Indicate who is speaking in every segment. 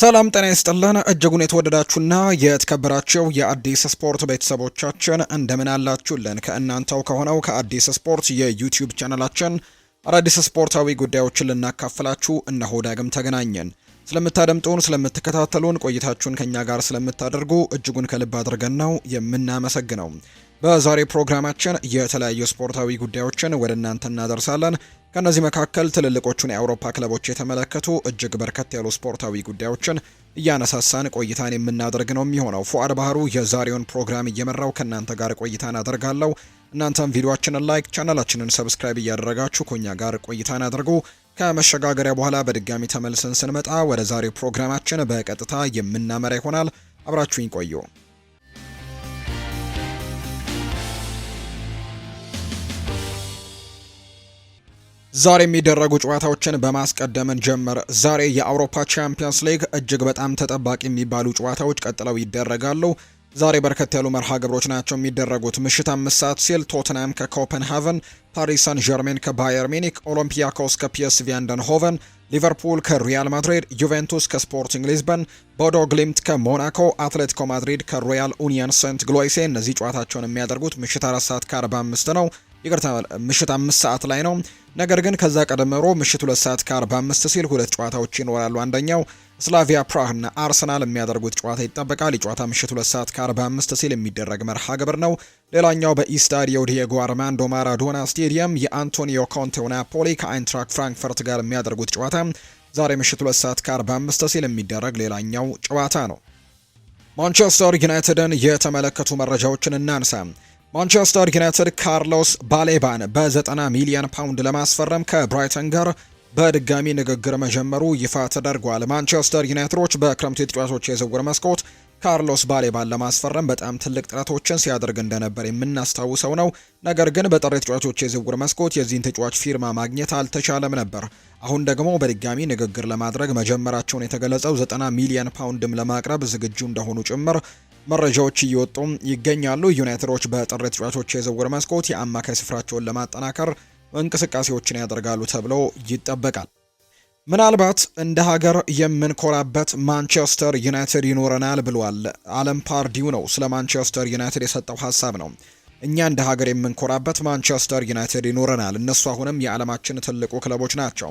Speaker 1: ሰላም ጤና ይስጥልን እጅጉን የተወደዳችሁና የተከበራችሁ የአዲስ ስፖርት ቤተሰቦቻችን እንደምን አላችሁልን? ከእናንተው ከሆነው ከአዲስ ስፖርት የዩቲዩብ ቻናላችን አዳዲስ ስፖርታዊ ጉዳዮችን ልናካፍላችሁ እነሆ ዳግም ተገናኘን። ስለምታደምጡን፣ ስለምትከታተሉን፣ ቆይታችሁን ከእኛ ጋር ስለምታደርጉ እጅጉን ከልብ አድርገን ነው የምናመሰግነው። በዛሬ ፕሮግራማችን የተለያዩ ስፖርታዊ ጉዳዮችን ወደ እናንተ እናደርሳለን። ከእነዚህ መካከል ትልልቆቹን የአውሮፓ ክለቦች የተመለከቱ እጅግ በርከት ያሉ ስፖርታዊ ጉዳዮችን እያነሳሳን ቆይታን የምናደርግ ነው የሚሆነው። ፉአድ ባህሩ የዛሬውን ፕሮግራም እየመራው ከእናንተ ጋር ቆይታን አደርጋለሁ። እናንተም ቪዲዮችንን ላይክ፣ ቻናላችንን ሰብስክራይብ እያደረጋችሁ ከኛ ጋር ቆይታን አድርጉ። ከመሸጋገሪያ በኋላ በድጋሚ ተመልሰን ስንመጣ ወደ ዛሬው ፕሮግራማችን በቀጥታ የምናመራ ይሆናል። አብራችሁኝ ቆዩ። ዛሬ የሚደረጉ ጨዋታዎችን በማስቀደምን እንጀምር። ዛሬ የአውሮፓ ቻምፒየንስ ሊግ እጅግ በጣም ተጠባቂ የሚባሉ ጨዋታዎች ቀጥለው ይደረጋሉ። ዛሬ በርከት ያሉ መርሃ ግብሮች ናቸው የሚደረጉት። ምሽት አምስት ሰዓት ሲል ቶትናም ከኮፐንሃቨን፣ ፓሪስ ሳን ዠርሜን ከባየር ሚኒክ፣ ኦሎምፒያኮስ ከፒኤስቪ አንደንሆቨን፣ ሊቨርፑል ከሪያል ማድሪድ፣ ዩቬንቱስ ከስፖርቲንግ ሊዝበን፣ ቦዶ ግሊምት ከሞናኮ፣ አትሌቲኮ ማድሪድ ከሮያል ኡኒየን ሴንት ግሎይሴ እነዚህ ጨዋታቸውን የሚያደርጉት ምሽት አራት ሰዓት ከ45 ነው። ይቅርታ ምሽት አምስት ሰዓት ላይ ነው። ነገር ግን ከዛ ቀደምሮ ምሽት ሁለት ሰዓት ከ45 ሲል ሁለት ጨዋታዎች ይኖራሉ። አንደኛው ስላቪያ ፕራህ እና አርሰናል የሚያደርጉት ጨዋታ ይጠበቃል። የጨዋታ ምሽት ሁለት ሰዓት ከ45 ሲል የሚደረግ መርሃ ግብር ነው። ሌላኛው በኢስታዲዮ ዲየጎ አርማንዶ ማራዶና ስቴዲየም የአንቶኒዮ ኮንቴው ናፖሊ ከአይንትራክ ፍራንክፈርት ጋር የሚያደርጉት ጨዋታ ዛሬ ምሽት ሁለት ሰዓት ከ45 ሲል የሚደረግ ሌላኛው ጨዋታ ነው። ማንቸስተር ዩናይትድን የተመለከቱ መረጃዎችን እናንሳ። ማንቸስተር ዩናይትድ ካርሎስ ባሌባን በ90 ሚሊዮን ፓውንድ ለማስፈረም ከብራይተን ጋር በድጋሚ ንግግር መጀመሩ ይፋ ተደርጓል። ማንቸስተር ዩናይትዶች በክረምት የተጫዋቾች የዝውውር መስኮት ካርሎስ ባሌባን ለማስፈረም በጣም ትልቅ ጥረቶችን ሲያደርግ እንደነበር የምናስታውሰው ነው። ነገር ግን በጥር ተጫዋቾች የዝውውር መስኮት የዚህን ተጫዋች ፊርማ ማግኘት አልተቻለም ነበር። አሁን ደግሞ በድጋሚ ንግግር ለማድረግ መጀመራቸውን የተገለጸው 90 ሚሊዮን ፓውንድም ለማቅረብ ዝግጁ እንደሆኑ ጭምር መረጃዎች እየወጡ ይገኛሉ። ዩናይትዶች በጥር ተጫዋቾች የዝውውር መስኮት የአማካይ ስፍራቸውን ለማጠናከር እንቅስቃሴዎችን ያደርጋሉ ተብሎ ይጠበቃል። ምናልባት እንደ ሀገር የምንኮራበት ማንቸስተር ዩናይትድ ይኖረናል ብሏል። አለም ፓርዲው ነው ስለ ማንቸስተር ዩናይትድ የሰጠው ሀሳብ ነው። እኛ እንደ ሀገር የምንኮራበት ማንቸስተር ዩናይትድ ይኖረናል። እነሱ አሁንም የዓለማችን ትልቁ ክለቦች ናቸው።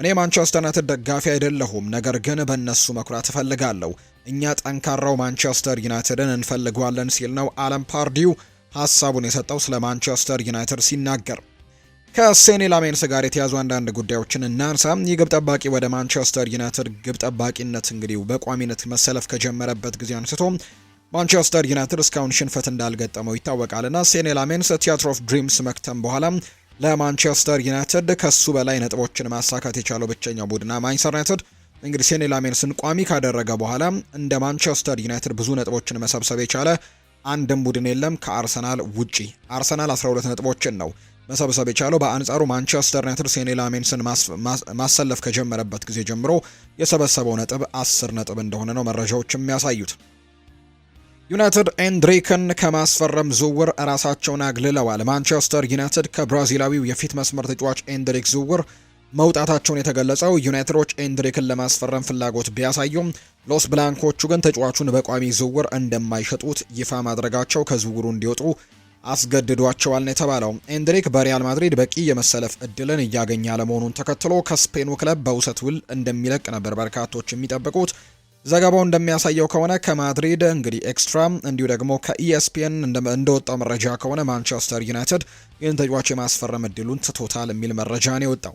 Speaker 1: እኔ ማንቸስተር ዩናይትድ ደጋፊ አይደለሁም፣ ነገር ግን በእነሱ መኩራት እፈልጋለሁ። እኛ ጠንካራው ማንቸስተር ዩናይትድን እንፈልገዋለን ሲል ነው አለም ፓርዲው ሀሳቡን የሰጠው ስለ ማንቸስተር ዩናይትድ ሲናገር። ከሴኒ ላሜንስ ጋር የተያዙ አንዳንድ ጉዳዮችን እናንሳ። ይህ ግብ ጠባቂ ወደ ማንቸስተር ዩናይትድ ግብ ጠባቂነት እንግዲህ በቋሚነት መሰለፍ ከጀመረበት ጊዜ አንስቶ ማንቸስተር ዩናይትድ እስካሁን ሽንፈት እንዳልገጠመው ይታወቃልና ሴኒ ላሜንስ ቲያትር ኦፍ ድሪምስ መክተም በኋላ ለማንቸስተር ዩናይትድ ከሱ በላይ ነጥቦችን ማሳካት የቻለው ብቸኛው ቡድን ማንቸስተር ዩናይትድ እንግዲህ ሴኔ ላሜንስን ቋሚ ካደረገ በኋላ እንደ ማንቸስተር ዩናይትድ ብዙ ነጥቦችን መሰብሰብ የቻለ አንድም ቡድን የለም ከአርሰናል ውጪ። አርሰናል 12 ነጥቦችን ነው መሰብሰብ የቻለው። በአንጻሩ ማንቸስተር ዩናይትድ ሴኔ ላሜንስን ማሰለፍ ከጀመረበት ጊዜ ጀምሮ የሰበሰበው ነጥብ 10 ነጥብ እንደሆነ ነው መረጃዎች የሚያሳዩት። ዩናይትድ ኤንድሪክን ከማስፈረም ዝውውር ራሳቸውን አግልለዋል። ማንቸስተር ዩናይትድ ከብራዚላዊው የፊት መስመር ተጫዋች ኤንድሪክ ዝውውር መውጣታቸውን የተገለጸው ዩናይትዶች ኤንድሪክን ለማስፈረም ፍላጎት ቢያሳዩም ሎስ ብላንኮቹ ግን ተጫዋቹን በቋሚ ዝውውር እንደማይሸጡት ይፋ ማድረጋቸው ከዝውውሩ እንዲወጡ አስገድዷቸዋል ነው የተባለው። ኤንድሪክ በሪያል ማድሪድ በቂ የመሰለፍ እድልን እያገኘ አለመሆኑን ተከትሎ ከስፔኑ ክለብ በውሰት ውል እንደሚለቅ ነበር በርካቶች የሚጠብቁት። ዘገባው እንደሚያሳየው ከሆነ ከማድሪድ እንግዲህ ኤክስትራ እንዲሁ ደግሞ ከኢኤስፒኤን እንደወጣው መረጃ ከሆነ ማንቸስተር ዩናይትድ ይህን ተጫዋች የማስፈረም እድሉን ትቶታል የሚል መረጃ ነው የወጣው።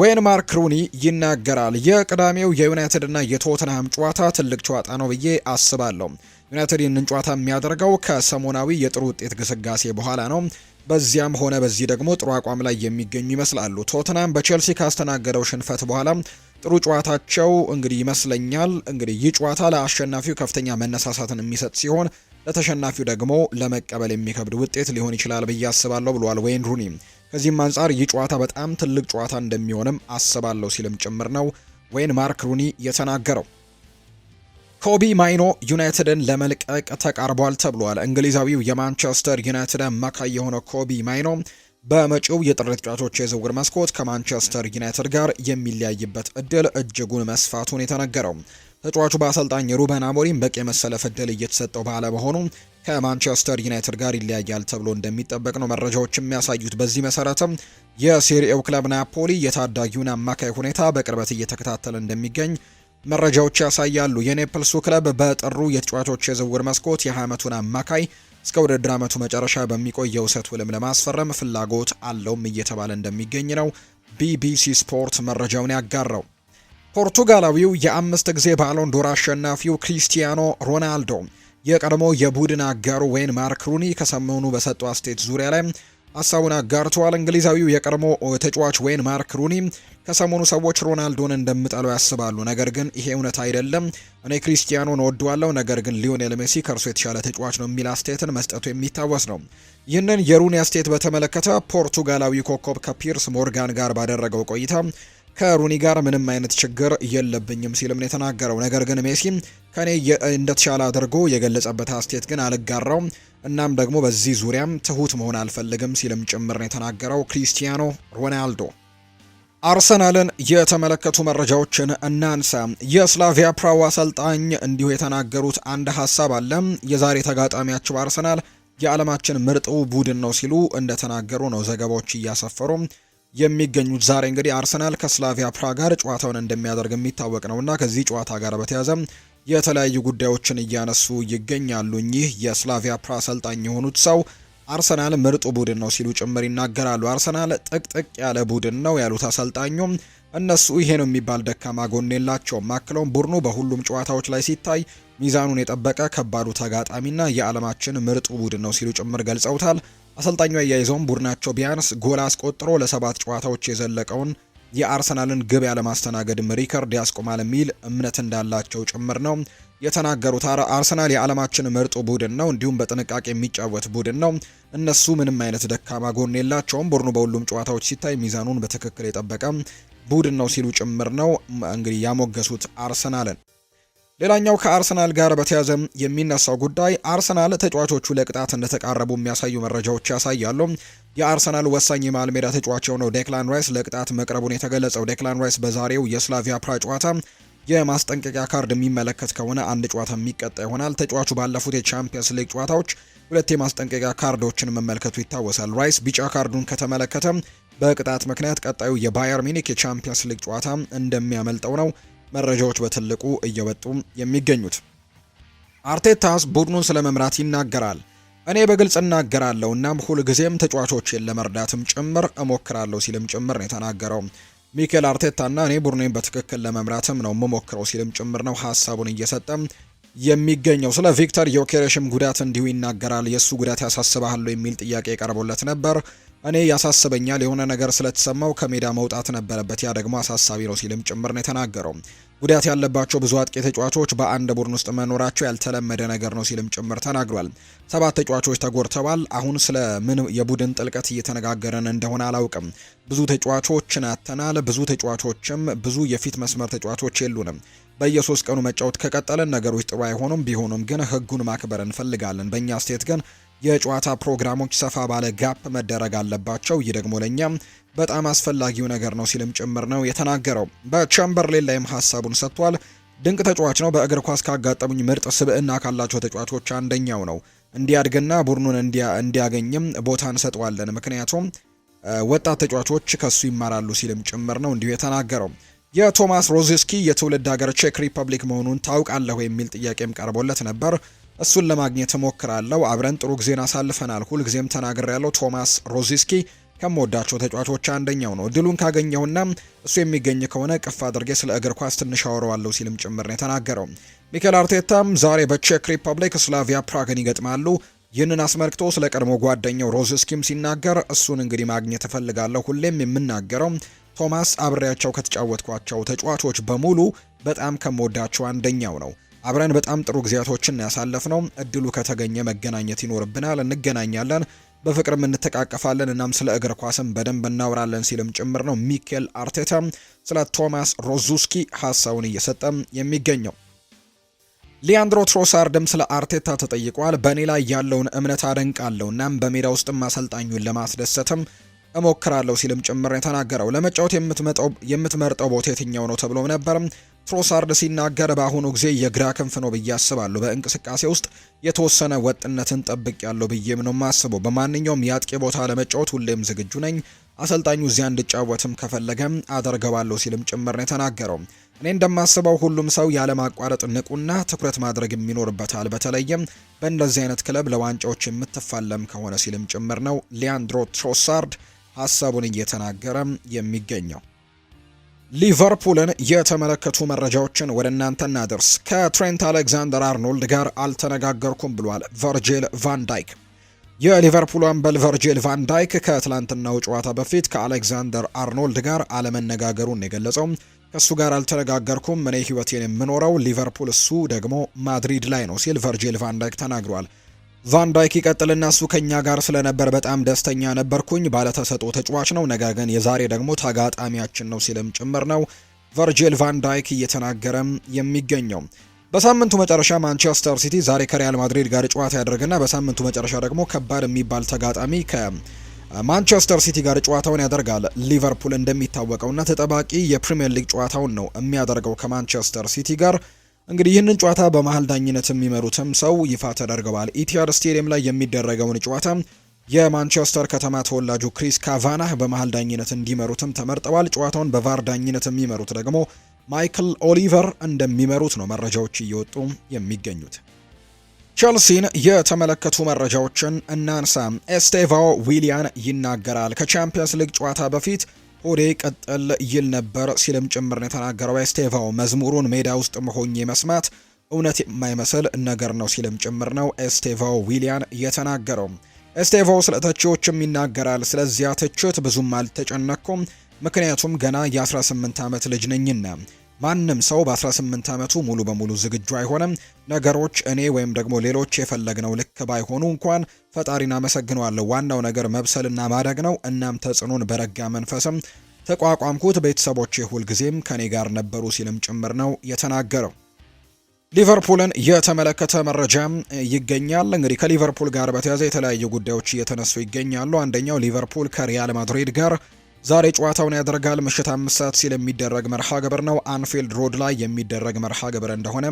Speaker 1: ዌይን ማርክ ሩኒ ይናገራል። የቅዳሜው የዩናይትድ እና የቶተንሃም ጨዋታ ትልቅ ጨዋታ ነው ብዬ አስባለሁ። ዩናይትድ ይህንን ጨዋታ የሚያደርገው ከሰሞናዊ የጥሩ ውጤት ግስጋሴ በኋላ ነው። በዚያም ሆነ በዚህ ደግሞ ጥሩ አቋም ላይ የሚገኙ ይመስላሉ። ቶትንሃም በቼልሲ ካስተናገደው ሽንፈት በኋላ ጥሩ ጨዋታቸው እንግዲህ ይመስለኛል እንግዲህ ይህ ጨዋታ ለአሸናፊው ከፍተኛ መነሳሳትን የሚሰጥ ሲሆን ለተሸናፊው ደግሞ ለመቀበል የሚከብድ ውጤት ሊሆን ይችላል ብዬ አስባለሁ ብሏል ወይን ሩኒ። ከዚህም አንጻር ይህ ጨዋታ በጣም ትልቅ ጨዋታ እንደሚሆንም አስባለሁ ሲልም ጭምር ነው ወይን ማርክ ሩኒ የተናገረው። ኮቢ ማይኖ ዩናይትድን ለመልቀቅ ተቃርቧል ተብሏል። እንግሊዛዊው የማንቸስተር ዩናይትድ አማካይ የሆነው ኮቢ ማይኖ በመጪው የጥር ተጫዋቾች የዝውውር መስኮት ከማንቸስተር ዩናይትድ ጋር የሚለያይበት እድል እጅጉን መስፋቱን የተነገረው ተጫዋቹ በአሰልጣኝ ሩበን አሞሪም በቂ የመሰለፍ እድል እየተሰጠው ባለመሆኑ ከማንቸስተር ዩናይትድ ጋር ይለያያል ተብሎ እንደሚጠበቅ ነው መረጃዎች የሚያሳዩት። በዚህ መሰረትም የሴሪኤው ክለብ ናፖሊ የታዳጊውን አማካይ ሁኔታ በቅርበት እየተከታተለ እንደሚገኝ መረጃዎች ያሳያሉ። የኔፕልሱ ክለብ በጥሩ የተጫዋቾች የዝውውር መስኮት የ20 ዓመቱን አማካይ እስከ ውድድር ዓመቱ መጨረሻ በሚቆይ የውሰት ውልም ለማስፈረም ፍላጎት አለውም እየተባለ እንደሚገኝ ነው ቢቢሲ ስፖርት መረጃውን ያጋራው። ፖርቱጋላዊው የአምስት ጊዜ ባሎን ዶር አሸናፊው ክሪስቲያኖ ሮናልዶ የቀድሞ የቡድን አጋሩ ዌይን ማርክ ሩኒ ከሰሞኑ በሰጠው አስተያየት ዙሪያ ላይ ሀሳቡን አጋርተዋል። እንግሊዛዊው የቀድሞ ተጫዋች ወይን ማርክ ሩኒ ከሰሞኑ ሰዎች ሮናልዶን እንደምጠለው ያስባሉ፣ ነገር ግን ይሄ እውነት አይደለም። እኔ ክሪስቲያኖን ወደዋለሁ፣ ነገር ግን ሊዮኔል ሜሲ ከእርሱ የተሻለ ተጫዋች ነው የሚል አስተያየትን መስጠቱ የሚታወስ ነው። ይህንን የሩኒ አስተያየት በተመለከተ ፖርቱጋላዊ ኮከብ ከፒርስ ሞርጋን ጋር ባደረገው ቆይታ ከሩኒ ጋር ምንም አይነት ችግር የለብኝም ሲልም ነው የተናገረው። ነገር ግን ሜሲ ከኔ እንደተሻለ አድርጎ የገለጸበት አስተያየት ግን አልጋራውም፣ እናም ደግሞ በዚህ ዙሪያም ትሁት መሆን አልፈልግም ሲልም ጭምር ነው የተናገረው ክሪስቲያኖ ሮናልዶ። አርሰናልን የተመለከቱ መረጃዎችን እናንሳ። የስላቪያ ፕራው አሰልጣኝ እንዲሁ የተናገሩት አንድ ሀሳብ አለ። የዛሬ ተጋጣሚያቸው አርሰናል የዓለማችን ምርጡ ቡድን ነው ሲሉ እንደተናገሩ ነው ዘገባዎች እያሰፈሩ የሚገኙት ዛሬ እንግዲህ አርሰናል ከስላቪያ ፕራ ጋር ጨዋታውን እንደሚያደርግ የሚታወቅ ነውና ከዚህ ጨዋታ ጋር በተያያዘ የተለያዩ ጉዳዮችን እያነሱ ይገኛሉ። እኚህ የስላቪያ ፕራ አሰልጣኝ የሆኑት ሰው አርሰናል ምርጡ ቡድን ነው ሲሉ ጭምር ይናገራሉ። አርሰናል ጥቅጥቅ ያለ ቡድን ነው ያሉት አሰልጣኙ እነሱ ይሄ ነው የሚባል ደካማ ጎን የላቸውም። አክለውም ቡድኑ በሁሉም ጨዋታዎች ላይ ሲታይ ሚዛኑን የጠበቀ ከባዱ ተጋጣሚና የዓለማችን ምርጡ ቡድን ነው ሲሉ ጭምር ገልጸውታል። አሰልጣኙ አያይዘውም ቡድናቸው ቢያንስ ጎል አስቆጥሮ ለሰባት ጨዋታዎች የዘለቀውን የአርሰናልን ግብ ያለማስተናገድም ሪከርድ ያስቆማል የሚል እምነት እንዳላቸው ጭምር ነው የተናገሩት። አርሰናል የዓለማችን ምርጡ ቡድን ነው፣ እንዲሁም በጥንቃቄ የሚጫወት ቡድን ነው። እነሱ ምንም አይነት ደካማ ጎን የላቸውም። ቡድኑ በሁሉም ጨዋታዎች ሲታይ ሚዛኑን በትክክል የጠበቀ ቡድን ነው ሲሉ ጭምር ነው እንግዲህ ያሞገሱት አርሰናልን። ሌላኛው ከአርሰናል ጋር በተያዘ የሚነሳው ጉዳይ አርሰናል ተጫዋቾቹ ለቅጣት እንደተቃረቡ የሚያሳዩ መረጃዎች ያሳያሉ። የአርሰናል ወሳኝ የመሃል ሜዳ ተጫዋች የሆነው ዴክላን ራይስ ለቅጣት መቅረቡን የተገለጸው ዴክላን ራይስ በዛሬው የስላቪያ ፕራ ጨዋታ የማስጠንቀቂያ ካርድ የሚመለከት ከሆነ አንድ ጨዋታ የሚቀጣ ይሆናል። ተጫዋቹ ባለፉት የቻምፒየንስ ሊግ ጨዋታዎች ሁለት የማስጠንቀቂያ ካርዶችን መመልከቱ ይታወሳል። ራይስ ቢጫ ካርዱን ከተመለከተ በቅጣት ምክንያት ቀጣዩ የባየር ሚኒክ የቻምፒየንስ ሊግ ጨዋታ እንደሚያመልጠው ነው መረጃዎች በትልቁ እየወጡ የሚገኙት። አርቴታስ ቡድኑን ስለ መምራት ይናገራል። እኔ በግልጽ እናገራለሁ እናም ሁልጊዜም ተጫዋቾችን ለመርዳትም ጭምር እሞክራለሁ ሲልም ጭምር ነው የተናገረው። ሚኬል አርቴታና እኔ ቡድኔን በትክክል ለመምራትም ነው የምሞክረው ሲልም ጭምር ነው ሀሳቡን እየሰጠም የሚገኘው። ስለ ቪክተር ዮኬሬሽም ጉዳት እንዲሁ ይናገራል። የእሱ ጉዳት ያሳስባሃል የሚል ጥያቄ ቀርቦለት ነበር። እኔ ያሳስበኛል የሆነ ነገር ስለተሰማው ከሜዳ መውጣት ነበረበት። ያ ደግሞ አሳሳቢ ነው ሲልም ጭምር ነው የተናገረው። ጉዳት ያለባቸው ብዙ አጥቂ ተጫዋቾች በአንድ ቡድን ውስጥ መኖራቸው ያልተለመደ ነገር ነው ሲልም ጭምር ተናግሯል። ሰባት ተጫዋቾች ተጎድተዋል። አሁን ስለ ምን የቡድን ጥልቀት እየተነጋገረን እንደሆነ አላውቅም። ብዙ ተጫዋቾችን አጥተናል። ብዙ ተጫዋቾችም ብዙ የፊት መስመር ተጫዋቾች የሉንም። በየሶስት ቀኑ መጫወት ከቀጠለን ነገሮች ጥሩ አይሆኑም። ቢሆኑም ግን ህጉን ማክበር እንፈልጋለን። በእኛ ስቴት ግን የጨዋታ ፕሮግራሞች ሰፋ ባለ ጋፕ መደረግ አለባቸው። ይህ ደግሞ ለእኛም በጣም አስፈላጊው ነገር ነው ሲልም ጭምር ነው የተናገረው። በቻምበርሌን ላይም ሀሳቡን ሰጥቷል። ድንቅ ተጫዋች ነው። በእግር ኳስ ካጋጠሙኝ ምርጥ ስብዕና ካላቸው ተጫዋቾች አንደኛው ነው። እንዲያድግና ቡድኑን እንዲያገኝም ቦታ እንሰጠዋለን፣ ምክንያቱም ወጣት ተጫዋቾች ከሱ ይማራሉ ሲልም ጭምር ነው እንዲሁ የተናገረው። የቶማስ ሮዚስኪ የትውልድ ሀገር ቼክ ሪፐብሊክ መሆኑን ታውቃለሁ የሚል ጥያቄም ቀርቦለት ነበር። እሱን ለማግኘት እሞክራለሁ። አብረን ጥሩ ጊዜን አሳልፈናል። ሁልጊዜም ተናግሬ ያለው ቶማስ ሮዚስኪ ከምወዳቸው ተጫዋቾች አንደኛው ነው። እድሉን ካገኘውና እሱ የሚገኝ ከሆነ ቅፍ አድርጌ ስለ እግር ኳስ ትንሽ አወራዋለሁ ሲልም ጭምር ነው የተናገረው። ሚኬል አርቴታም ዛሬ በቼክ ሪፐብሊክ ስላቪያ ፕራግን ይገጥማሉ። ይህንን አስመልክቶ ስለ ቀድሞ ጓደኛው ሮዝስኪም ሲናገር እሱን እንግዲህ ማግኘት እፈልጋለሁ። ሁሌም የምናገረው ቶማስ አብሬያቸው ከተጫወትኳቸው ተጫዋቾች በሙሉ በጣም ከምወዳቸው አንደኛው ነው አብረን በጣም ጥሩ ጊዜያቶችን ያሳለፍ ነው። እድሉ ከተገኘ መገናኘት ይኖርብናል። እንገናኛለን፣ በፍቅርም እንተቃቀፋለን። እናም ስለ እግር ኳስም በደንብ እናወራለን ሲልም ጭምር ነው ሚኬል አርቴታ ስለ ቶማስ ሮዙስኪ ሀሳቡን እየሰጠ የሚገኘው። ሊያንድሮ ትሮሳርድም ስለ አርቴታ ተጠይቋል። በእኔ ላይ ያለውን እምነት አደንቃለሁ። እናም በሜዳ ውስጥም አሰልጣኙን ለማስደሰትም እሞክራለሁ ሲልም ጭምር የተናገረው። ለመጫወት የምትመርጠው ቦታ የትኛው ነው ተብሎ ነበር። ትሮሳርድ ሲናገር በአሁኑ ጊዜ የግራ ክንፍ ነው ብዬ አስባለሁ። በእንቅስቃሴ ውስጥ የተወሰነ ወጥነትን ጠብቅ ያለው ብዬም ነው የማስበው። በማንኛውም የአጥቂ ቦታ ለመጫወት ሁሌም ዝግጁ ነኝ። አሰልጣኙ እዚያ እንድጫወትም ከፈለገም አደርገዋለሁ ሲልም ጭምር ነው የተናገረው። እኔ እንደማስበው ሁሉም ሰው ያለማቋረጥ ንቁና ትኩረት ማድረግ የሚኖርበታል። በተለይም በእንደዚህ አይነት ክለብ ለዋንጫዎች የምትፋለም ከሆነ ሲልም ጭምር ነው ሊያንድሮ ትሮሳርድ ሀሳቡን እየተናገረ የሚገኘው። ሊቨርፑልን የተመለከቱ መረጃዎችን ወደ እናንተ እናደርስ። ከትሬንት አሌክዛንደር አርኖልድ ጋር አልተነጋገርኩም ብሏል ቨርጂል ቫን ዳይክ። የሊቨርፑል አምበል ቨርጂል ቫን ዳይክ ከትላንትናው ጨዋታ በፊት ከአሌክዛንደር አርኖልድ ጋር አለመነጋገሩን የገለጸው ከእሱ ጋር አልተነጋገርኩም፣ እኔ ህይወቴን የምኖረው ሊቨርፑል፣ እሱ ደግሞ ማድሪድ ላይ ነው ሲል ቨርጂል ቫን ዳይክ ተናግሯል። ቫንዳይክ ይቀጥልና እሱ ከኛ ጋር ስለነበር በጣም ደስተኛ ነበርኩኝ። ባለተሰጦ ተጫዋች ነው፣ ነገር ግን የዛሬ ደግሞ ተጋጣሚያችን ነው ሲልም ጭምር ነው ቨርጂል ቫንዳይክ እየተናገረም የሚገኘው። በሳምንቱ መጨረሻ ማንቸስተር ሲቲ ዛሬ ከሪያል ማድሪድ ጋር ጨዋታ ያደርግና በሳምንቱ መጨረሻ ደግሞ ከባድ የሚባል ተጋጣሚ ከማንቸስተር ሲቲ ጋር ጨዋታውን ያደርጋል። ሊቨርፑል እንደሚታወቀውና ተጠባቂ የፕሪምየር ሊግ ጨዋታውን ነው የሚያደርገው ከማንቸስተር ሲቲ ጋር እንግዲህ ይህንን ጨዋታ በመሀል ዳኝነት የሚመሩትም ሰው ይፋ ተደርገዋል። ኢቲሃድ ስቴዲየም ላይ የሚደረገውን ጨዋታ የማንቸስተር ከተማ ተወላጁ ክሪስ ካቫናህ በመሀል ዳኝነት እንዲመሩትም ተመርጠዋል። ጨዋታውን በቫር ዳኝነት የሚመሩት ደግሞ ማይክል ኦሊቨር እንደሚመሩት ነው መረጃዎች እየወጡ የሚገኙት። ቸልሲን የተመለከቱ መረጃዎችን እናንሳ። ኤስቴቫ ዊሊያን ይናገራል። ከቻምፒየንስ ሊግ ጨዋታ በፊት ወደ ቀጠል ይል ነበር ሲልም ጭምር ነው የተናገረው። ኤስቴቫው መዝሙሩን ሜዳ ውስጥ መሆኝ መስማት እውነት የማይመስል ነገር ነው ሲልም ጭምር ነው ኤስቴቫው ዊሊያን የተናገረው። ኤስቴቫው ስለ ተቺዎችም ይናገራል። ስለዚያ ትችት ብዙም አልተጨነቅኩም፣ ምክንያቱም ገና የ18 ዓመት ልጅ ነኝና ማንም ሰው በ18 ዓመቱ ሙሉ በሙሉ ዝግጁ አይሆንም። ነገሮች እኔ ወይም ደግሞ ሌሎች የፈለግነው ልክ ባይሆኑ እንኳን ፈጣሪን አመሰግነዋለሁ። ዋናው ነገር መብሰልና ማደግ ነው። እናም ተጽዕኖን በረጋ መንፈስም ተቋቋምኩት። ቤተሰቦቼ ሁልጊዜም ከኔ ጋር ነበሩ ሲልም ጭምር ነው የተናገረው። ሊቨርፑልን የተመለከተ መረጃም ይገኛል። እንግዲህ ከሊቨርፑል ጋር በተያያዘ የተለያዩ ጉዳዮች እየተነሱ ይገኛሉ። አንደኛው ሊቨርፑል ከሪያል ማድሪድ ጋር ዛሬ ጨዋታውን ያደርጋል። ምሽት አምስት ሰዓት ሲል የሚደረግ መርሃ ግብር ነው። አንፊልድ ሮድ ላይ የሚደረግ መርሃ ግብር እንደሆነ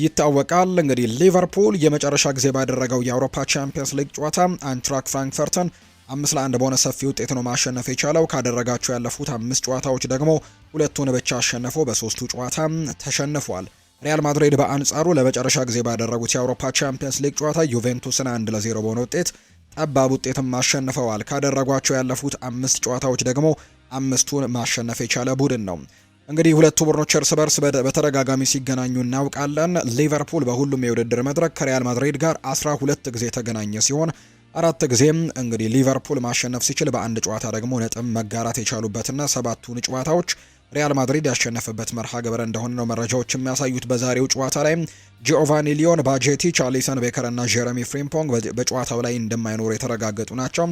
Speaker 1: ይታወቃል። እንግዲህ ሊቨርፑል የመጨረሻ ጊዜ ባደረገው የአውሮፓ ቻምፒየንስ ሊግ ጨዋታ አንትራክ ፍራንክፈርትን አምስት ለአንድ በሆነ ሰፊ ውጤት ነው ማሸነፍ የቻለው። ካደረጋቸው ያለፉት አምስት ጨዋታዎች ደግሞ ሁለቱን ብቻ አሸነፈው፣ በሶስቱ ጨዋታ ተሸንፏል። ሪያል ማድሪድ በአንጻሩ ለመጨረሻ ጊዜ ባደረጉት የአውሮፓ ቻምፒየንስ ሊግ ጨዋታ ዩቬንቱስን አንድ ለዜሮ በሆነ ውጤት ጠባብ ውጤትም አሸንፈዋል። ካደረጓቸው ያለፉት አምስት ጨዋታዎች ደግሞ አምስቱን ማሸነፍ የቻለ ቡድን ነው። እንግዲህ ሁለቱ ቡድኖች እርስ በርስ በተደጋጋሚ ሲገናኙ እናውቃለን። ሊቨርፑል በሁሉም የውድድር መድረክ ከሪያል ማድሪድ ጋር 12 ጊዜ የተገናኘ ሲሆን አራት ጊዜም እንግዲህ ሊቨርፑል ማሸነፍ ሲችል በአንድ ጨዋታ ደግሞ ነጥብ መጋራት የቻሉበትና ሰባቱን ጨዋታዎች ሪያል ማድሪድ ያሸነፈበት መርሃ ግብር እንደሆነ ነው መረጃዎች የሚያሳዩት። በዛሬው ጨዋታ ላይ ጂኦቫኒ ሊዮን፣ ባጄቲ፣ ቻሊሰን ቤከር እና ጀረሚ ፍሪምፖንግ በጨዋታው ላይ እንደማይኖሩ የተረጋገጡ ናቸው።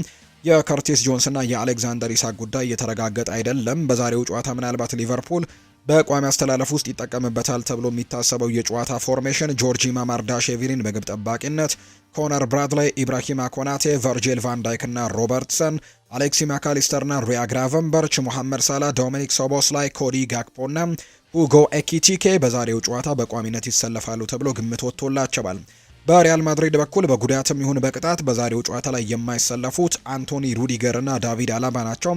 Speaker 1: የከርቲስ ጆንስ እና የአሌክዛንደር ኢሳክ ጉዳይ እየተረጋገጠ አይደለም። በዛሬው ጨዋታ ምናልባት ሊቨርፑል በቋሚ አስተላለፍ ውስጥ ይጠቀምበታል ተብሎ የሚታሰበው የጨዋታ ፎርሜሽን ጆርጂ ማማርዳሽቪሊን በግብ ጠባቂነት ኮነር ብራድላይ፣ ኢብራሂማ ኮናቴ፣ ቨርጂል ቫንዳይክ እና ሮበርትሰን፣ አሌክሲ ማካሊስተር ና ሪያ ግራቨንበርች፣ ሙሐመድ ሳላ፣ ዶሚኒክ ሶቦስ ላይ፣ ኮዲ ጋክፖ ና ሁጎ ኤኪቲኬ በዛሬው ጨዋታ በቋሚነት ይሰለፋሉ ተብሎ ግምት ወጥቶላቸዋል። በሪያል ማድሪድ በኩል በጉዳትም ይሁን በቅጣት በዛሬው ጨዋታ ላይ የማይሰለፉት አንቶኒ ሩዲገር ና ዳቪድ አላባ ናቸው።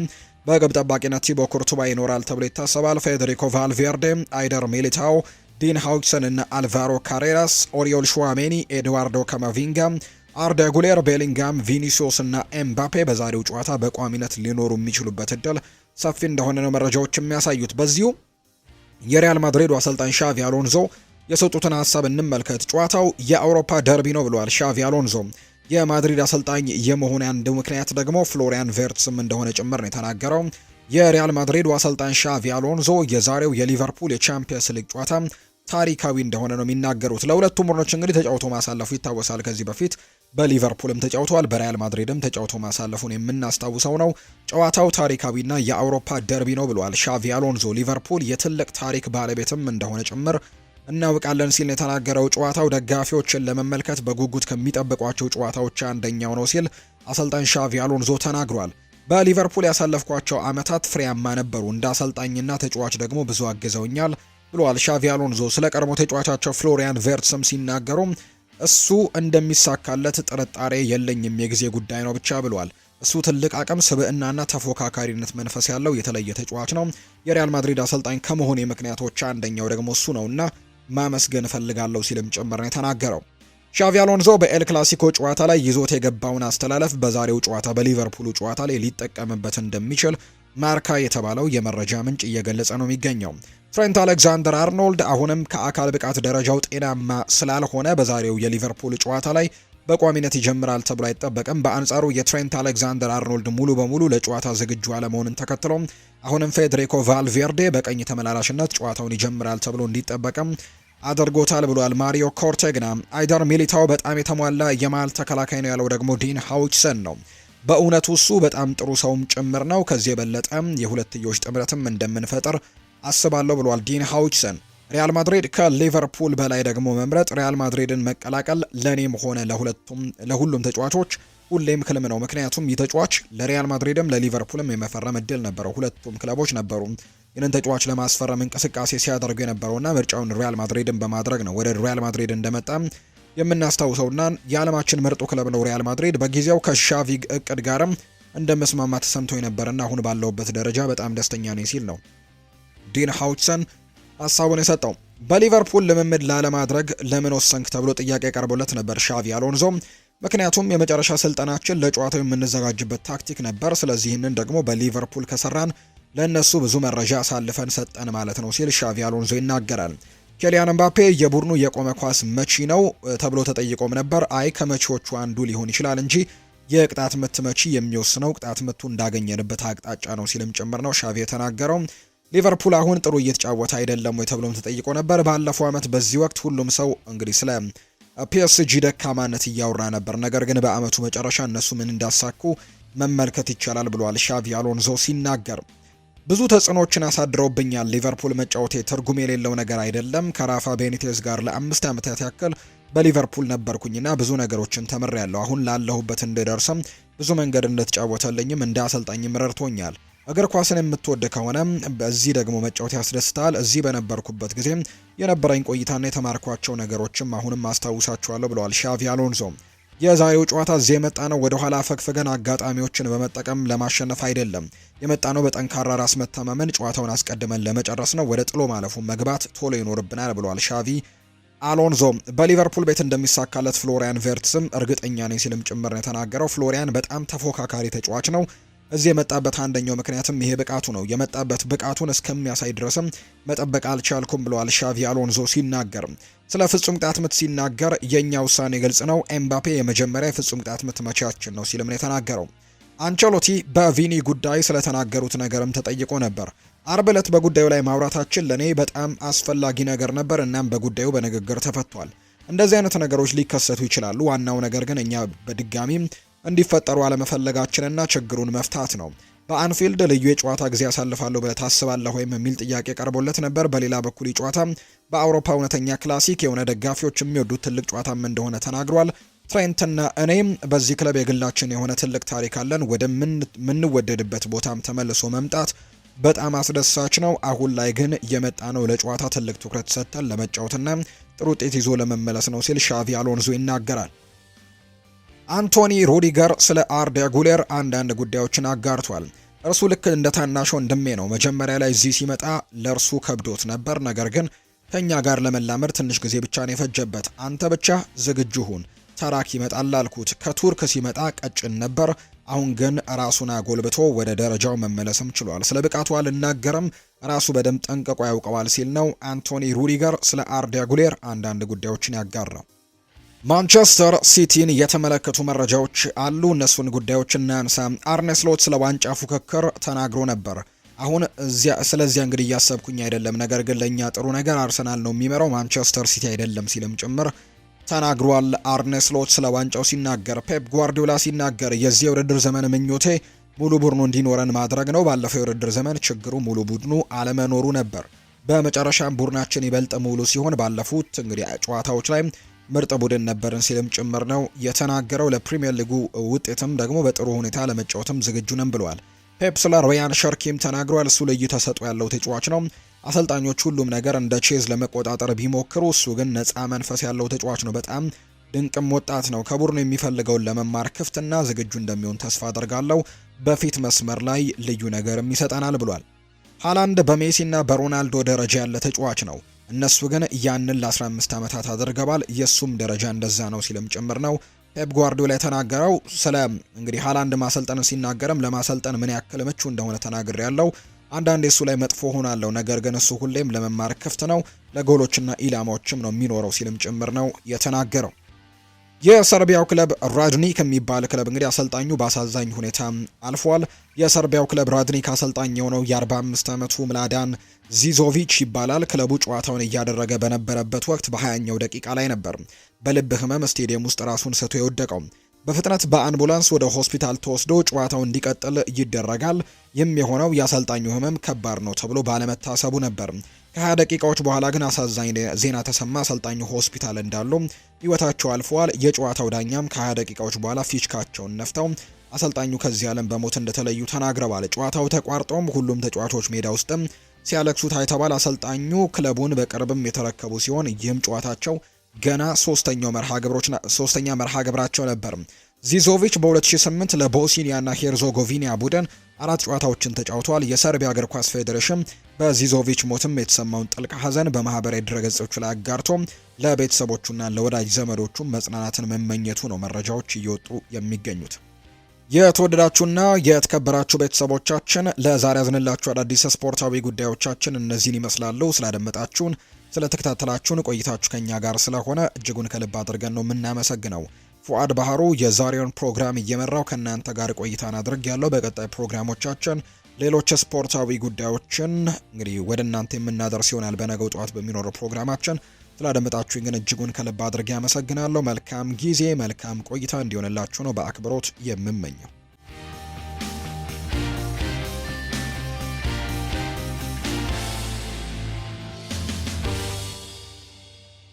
Speaker 1: በግብ ጠባቂነት ቲቦ ኩርቱባ ይኖራል ተብሎ ይታሰባል። ፌዴሪኮ ቫልቬርዴ፣ አይደር ሚሊታው ዲን ሃውችሰን እና አልቫሮ ካሬራስ፣ ኦሪዮል ሹዋሜኒ፣ ኤድዋርዶ ካማቪንጋ፣ አርደ ጉሌር፣ ቤሊንጋም፣ ቪኒሲዮስ እና ኤምባፔ በዛሬው ጨዋታ በቋሚነት ሊኖሩ የሚችሉበት እድል ሰፊ እንደሆነ ነው መረጃዎች የሚያሳዩት። በዚሁ የሪያል ማድሪዱ አሰልጣኝ ሻቪ አሎንዞ የሰጡትን ሀሳብ እንመልከት። ጨዋታው የአውሮፓ ደርቢ ነው ብለዋል ሻቪ አሎንዞ። የማድሪድ አሰልጣኝ የመሆን አንድ ምክንያት ደግሞ ፍሎሪያን ቬርትስም እንደሆነ ጭምር ነው የተናገረው። የሪያል ማድሪዱ አሰልጣኝ ሻቪ አሎንዞ የዛሬው የሊቨርፑል የቻምፒየንስ ሊግ ጨዋታ ታሪካዊ እንደሆነ ነው የሚናገሩት። ለሁለቱም ቡድኖች እንግዲህ ተጫውቶ ማሳለፉ ይታወሳል። ከዚህ በፊት በሊቨርፑልም ተጫውተዋል፣ በሪያል ማድሪድም ተጫውቶ ማሳለፉን የምናስታውሰው ነው። ጨዋታው ታሪካዊና የአውሮፓ ደርቢ ነው ብለዋል ሻቪ አሎንዞ። ሊቨርፑል የትልቅ ታሪክ ባለቤትም እንደሆነ ጭምር እናውቃለን ሲል የተናገረው ጨዋታው ደጋፊዎችን ለመመልከት በጉጉት ከሚጠብቋቸው ጨዋታዎች አንደኛው ነው ሲል አሰልጣኝ ሻቪ አሎንዞ ተናግሯል። በሊቨርፑል ያሳለፍኳቸው ዓመታት ፍሬያማ ነበሩ። እንደ አሰልጣኝና ተጫዋች ደግሞ ብዙ አግዘውኛል። ብለዋል ሻቪ አሎንዞ። ስለ ቀድሞ ተጫዋቻቸው ፍሎሪያን ቨርትስም ሲናገሩ እሱ እንደሚሳካለት ጥርጣሬ የለኝም፣ የጊዜ ጉዳይ ነው ብቻ ብለዋል። እሱ ትልቅ አቅም፣ ስብዕናና ተፎካካሪነት መንፈስ ያለው የተለየ ተጫዋች ነው። የሪያል ማድሪድ አሰልጣኝ ከመሆኔ ምክንያቶች አንደኛው ደግሞ እሱ ነውና ማመስገን እፈልጋለሁ ሲልም ጭምር ነው የተናገረው። ሻቪ አሎንዞ በኤል ክላሲኮ ጨዋታ ላይ ይዞት የገባውን አስተላለፍ በዛሬው ጨዋታ በሊቨርፑሉ ጨዋታ ላይ ሊጠቀምበት እንደሚችል ማርካ የተባለው የመረጃ ምንጭ እየገለጸ ነው የሚገኘው። ትሬንት አሌክዛንደር አርኖልድ አሁንም ከአካል ብቃት ደረጃው ጤናማ ስላልሆነ በዛሬው የሊቨርፑል ጨዋታ ላይ በቋሚነት ይጀምራል ተብሎ አይጠበቅም። በአንጻሩ የትሬንት አሌክዛንደር አርኖልድ ሙሉ በሙሉ ለጨዋታ ዝግጁ አለመሆንን ተከትሎ አሁንም ፌዴሪኮ ቫልቬርዴ በቀኝ ተመላላሽነት ጨዋታውን ይጀምራል ተብሎ እንዲጠበቅም አድርጎታል ብሏል ማሪዮ ኮርቴግና። አይደር ሚሊታው በጣም የተሟላ የመሀል ተከላካይ ነው ያለው ደግሞ ዲን ሃውችሰን ነው። በእውነቱ እሱ በጣም ጥሩ ሰውም ጭምር ነው። ከዚህ የበለጠ የሁለትዮሽ ጥምረትም እንደምንፈጥር አስባለሁ ብሏል ዲን ሃውችሰን። ሪያል ማድሪድ ከሊቨርፑል በላይ ደግሞ መምረጥ ሪያል ማድሪድን መቀላቀል ለኔም ሆነ ለሁለቱም ለሁሉም ተጫዋቾች ሁሌም ክልም ነው። ምክንያቱም ይህ ተጫዋች ለሪያል ማድሪድም ለሊቨርፑልም የመፈረም እድል ነበረው። ሁለቱም ክለቦች ነበሩ ይህንን ተጫዋች ለማስፈረም እንቅስቃሴ ሲያደርጉ የነበረውና ምርጫውን ሪያል ማድሪድን በማድረግ ነው ወደ ሪያል ማድሪድ እንደመጣ የምናስታውሰውና የዓለማችን ምርጡ ክለብ ነው ሪያል ማድሪድ። በጊዜው ከሻቪግ እቅድ ጋርም እንደመስማማ ተሰምቶ የነበረና አሁን ባለውበት ደረጃ በጣም ደስተኛ ነኝ ሲል ነው ዲን ሃውችሰን ሀሳቡን የሰጠው። በሊቨርፑል ልምምድ ላለማድረግ ለምን ወሰንክ ተብሎ ጥያቄ ቀርቦለት ነበር ሻቪ አሎንዞ። ምክንያቱም የመጨረሻ ስልጠናችን ለጨዋታው የምንዘጋጅበት ታክቲክ ነበር። ስለዚህ ይህንን ደግሞ በሊቨርፑል ከሰራን ለእነሱ ብዙ መረጃ አሳልፈን ሰጠን ማለት ነው ሲል ሻቪ አሎንዞ ይናገራል። ኬሊያን ምባፔ የቡድኑ የቆመ ኳስ መቺ ነው ተብሎ ተጠይቆም ነበር። አይ ከመቺዎቹ አንዱ ሊሆን ይችላል እንጂ የቅጣት ምት መቺ የሚወስነው ቅጣት ምቱ እንዳገኘንበት አቅጣጫ ነው ሲልም ጭምር ነው ሻቪ የተናገረው። ሊቨርፑል አሁን ጥሩ እየተጫወተ አይደለም ወይ ተብሎም ተጠይቆ ነበር። ባለፈው ዓመት በዚህ ወቅት ሁሉም ሰው እንግዲህ ስለ ፒኤስጂ ደካማነት እያወራ ነበር። ነገር ግን በአመቱ መጨረሻ እነሱ ምን እንዳሳኩ መመልከት ይቻላል ብሏል ሻቪ አሎንዞ ሲናገር። ብዙ ተጽዕኖዎችን አሳድረውብኛል። ሊቨርፑል መጫወቴ ትርጉም የሌለው ነገር አይደለም። ከራፋ ቤኒቴዝ ጋር ለአምስት ዓመታት ያክል በሊቨርፑል ነበርኩኝና ብዙ ነገሮችን ተምሬያለሁ። አሁን ላለሁበት እንድደርስም ብዙ መንገድ እንደተጫወተልኝም እንደ አሰልጣኝም ረድቶኛል። እግር ኳስን የምትወድ ከሆነ በዚህ ደግሞ መጫወት ያስደስታል። እዚህ በነበርኩበት ጊዜ የነበረኝ ቆይታና የተማርኳቸው ነገሮችም አሁንም አስታውሳቸዋለሁ ብለዋል ሻቪ አሎንዞ። የዛሬው ጨዋታ እዚህ የመጣ ነው ወደ ኋላ አጋጣሚዎችን በመጠቀም ለማሸነፍ አይደለም። የመጣ ነው በጠንካራ ራስ መተማመን ጨዋታውን አስቀድመን ለመጨረስ ነው። ወደ ጥሎ ማለፉ መግባት ቶሎ ይኖርብናል ብለዋል ሻቪ አሎንዞ። በሊቨርፑል ቤት እንደሚሳካለት ፍሎሪያን ቬርትስም እርግጠኛ ነኝ ሲልም ጭምር ነው የተናገረው። ፍሎሪያን በጣም ተፎካካሪ ተጫዋች ነው እዚህ የመጣበት አንደኛው ምክንያትም ይሄ ብቃቱ ነው። የመጣበት ብቃቱን እስከሚያሳይ ድረስም መጠበቅ አልቻልኩም ብለዋል ሻቪ አሎንዞ ሲናገር። ስለ ፍጹም ቅጣት ምት ሲናገር የእኛ ውሳኔ ግልጽ ነው፣ ኤምባፔ የመጀመሪያ የፍጹም ቅጣት ምት መቻችን ነው ሲልም ነው የተናገረው። አንቸሎቲ በቪኒ ጉዳይ ስለተናገሩት ነገርም ተጠይቆ ነበር። አርብ ዕለት በጉዳዩ ላይ ማውራታችን ለእኔ በጣም አስፈላጊ ነገር ነበር። እናም በጉዳዩ በንግግር ተፈቷል። እንደዚህ አይነት ነገሮች ሊከሰቱ ይችላሉ። ዋናው ነገር ግን እኛ በድጋሚም እንዲፈጠሩ አለመፈለጋችንና ችግሩን መፍታት ነው። በአንፊልድ ልዩ የጨዋታ ጊዜ ያሳልፋለሁ ብለህ ታስባለህ ወይም የሚል ጥያቄ ቀርቦለት ነበር። በሌላ በኩል ጨዋታ በአውሮፓ እውነተኛ ክላሲክ የሆነ ደጋፊዎች የሚወዱት ትልቅ ጨዋታም እንደሆነ ተናግሯል። ትሬንትና እኔም በዚህ ክለብ የግላችን የሆነ ትልቅ ታሪክ አለን። ወደምንወደድበት ቦታም ተመልሶ መምጣት በጣም አስደሳች ነው። አሁን ላይ ግን የመጣ ነው ለጨዋታ ትልቅ ትኩረት ሰጥተን ለመጫወትና ጥሩ ውጤት ይዞ ለመመለስ ነው ሲል ሻቪ አሎንዞ ይናገራል። አንቶኒ ሩዲገር ስለ አርዳ ጉሌር አንዳንድ ጉዳዮችን አጋርቷል። እርሱ ልክ እንደ ታናሽ ወንድሜ ነው። መጀመሪያ ላይ እዚህ ሲመጣ ለእርሱ ከብዶት ነበር፣ ነገር ግን ከእኛ ጋር ለመላመድ ትንሽ ጊዜ ብቻ ነው የፈጀበት። አንተ ብቻ ዝግጁ ሁን፣ ተራክ ይመጣል አልኩት። ከቱርክ ሲመጣ ቀጭን ነበር፣ አሁን ግን ራሱን አጎልብቶ ወደ ደረጃው መመለስም ችሏል። ስለ ብቃቱ አልናገርም፣ ራሱ በደንብ ጠንቅቆ ያውቀዋል ሲል ነው አንቶኒ ሩዲገር ስለ አርዳ ጉሌር አንዳንድ ጉዳዮችን ያጋራው። ማንቸስተር ሲቲን የተመለከቱ መረጃዎች አሉ። እነሱን ጉዳዮች እናንሳ። አርነ ስሎት ስለ ዋንጫ ፉክክር ተናግሮ ነበር። አሁን ስለዚያ እንግዲህ እያሰብኩኝ አይደለም፣ ነገር ግን ለእኛ ጥሩ ነገር አርሰናል ነው የሚመራው ማንቸስተር ሲቲ አይደለም ሲልም ጭምር ተናግሯል። አርነ ስሎት ስለ ዋንጫው ሲናገር፣ ፔፕ ጓርዲዮላ ሲናገር የዚህ የውድድር ዘመን ምኞቴ ሙሉ ቡድኑ እንዲኖረን ማድረግ ነው። ባለፈው የውድድር ዘመን ችግሩ ሙሉ ቡድኑ አለመኖሩ ነበር። በመጨረሻም ቡድናችን ይበልጥ ሙሉ ሲሆን ባለፉት እንግዲህ ጨዋታዎች ላይ ምርጥ ቡድን ነበርን ሲልም ጭምር ነው የተናገረው። ለፕሪምየር ሊጉ ውጤትም ደግሞ በጥሩ ሁኔታ ለመጫወትም ዝግጁ ነን ብለዋል። ፔፕ ስለ ሸርኪም ተናግሯል። እሱ ልዩ ተሰጥኦ ያለው ተጫዋች ነው። አሰልጣኞች ሁሉም ነገር እንደ ቼዝ ለመቆጣጠር ቢሞክሩ፣ እሱ ግን ነፃ መንፈስ ያለው ተጫዋች ነው። በጣም ድንቅም ወጣት ነው። ከቡድኑ የሚፈልገውን ለመማር ክፍትና ዝግጁ እንደሚሆን ተስፋ አደርጋለሁ። በፊት መስመር ላይ ልዩ ነገርም ይሰጠናል ብሏል። ሃላንድ በሜሲና በሮናልዶ ደረጃ ያለ ተጫዋች ነው። እነሱ ግን ያንን ለ15 ዓመታት አድርገዋል። የእሱም ደረጃ እንደዛ ነው ሲልም ጭምር ነው ፔፕ ጓርዲዮላ የተናገረው። ስለ እንግዲህ ሀላንድ ማሰልጠን ሲናገርም ለማሰልጠን ምን ያክል ምቹ እንደሆነ ተናግሬ ያለው አንዳንዴ እሱ ላይ መጥፎ ሆናለሁ፣ ነገር ግን እሱ ሁሌም ለመማር ክፍት ነው፣ ለጎሎችና ኢላማዎችም ነው የሚኖረው ሲልም ጭምር ነው የተናገረው። የሰርቢያው ክለብ ራድኒክ የሚባል ክለብ እንግዲህ አሰልጣኙ በአሳዛኝ ሁኔታ አልፏል። የሰርቢያው ክለብ ራድኒክ አሰልጣኝ የሆነው የ45 ዓመቱ ምላዳን ዚዞቪች ይባላል። ክለቡ ጨዋታውን እያደረገ በነበረበት ወቅት በ20ኛው ደቂቃ ላይ ነበር በልብ ህመም ስቴዲየም ውስጥ ራሱን ስቶ የወደቀው። በፍጥነት በአምቡላንስ ወደ ሆስፒታል ተወስዶ ጨዋታው እንዲቀጥል ይደረጋል። ይህም የሆነው የአሰልጣኙ ህመም ከባድ ነው ተብሎ ባለመታሰቡ ነበር። ከ ደቂቃዎች በኋላ ግን አሳዛኝ ዜና ተሰማ። አሰልጣኙ ሆስፒታል እንዳሉ ህይወታቸው አልፈዋል። የጨዋታው ዳኛም ከ ደቂቃዎች በኋላ ፊሽካቸውን ነፍተው አሰልጣኙ ከዚህ ዓለም በሞት እንደተለዩ ተናግረዋል። ጨዋታው ተቋርጦም ሁሉም ተጫዋቾች ሜዳ ውስጥም ሲያለቅሱ ታይተዋል። አሰልጣኙ ክለቡን በቅርብም የተረከቡ ሲሆን ይህም ጨዋታቸው ገና ሶስተኛው መርሃ ግብሮች ሶስተኛ መርሃ ግብራቸው ነበር። ዚዞቪች በ2008 ለቦስኒያና ሄርዞጎቪና ቡድን አራት ጨዋታዎችን ተጫውተዋል። የሰርቢያ እግር ኳስ ፌዴሬሽን በዚዞቪች ሞትም የተሰማውን ጥልቅ ሐዘን በማህበራዊ ድረገጾች ላይ አጋርቶ ለቤተሰቦቹና ለወዳጅ ዘመዶቹ መጽናናትን መመኘቱ ነው መረጃዎች እየወጡ የሚገኙት። የተወደዳችሁና የተከበራችሁ ቤተሰቦቻችን ለዛሬ ያዝንላችሁ አዳዲስ ስፖርታዊ ጉዳዮቻችን እነዚህን ይመስላሉ። ስላደመጣችሁን፣ ስለተከታተላችሁን ቆይታችሁ ከኛ ጋር ስለሆነ እጅጉን ከልብ አድርገን ነው የምናመሰግነው። ፉአድ ባህሩ የዛሬውን ፕሮግራም እየመራው ከእናንተ ጋር ቆይታን አድርግ ያለው። በቀጣይ ፕሮግራሞቻችን ሌሎች ስፖርታዊ ጉዳዮችን እንግዲህ ወደ እናንተ የምናደርስ ይሆናል በነገው ጠዋት በሚኖረው ፕሮግራማችን። ስላደመጣችሁኝ ግን እጅጉን ከልብ አድርጌ አመሰግናለሁ። መልካም ጊዜ፣ መልካም ቆይታ እንዲሆንላችሁ ነው በአክብሮት የምመኘው።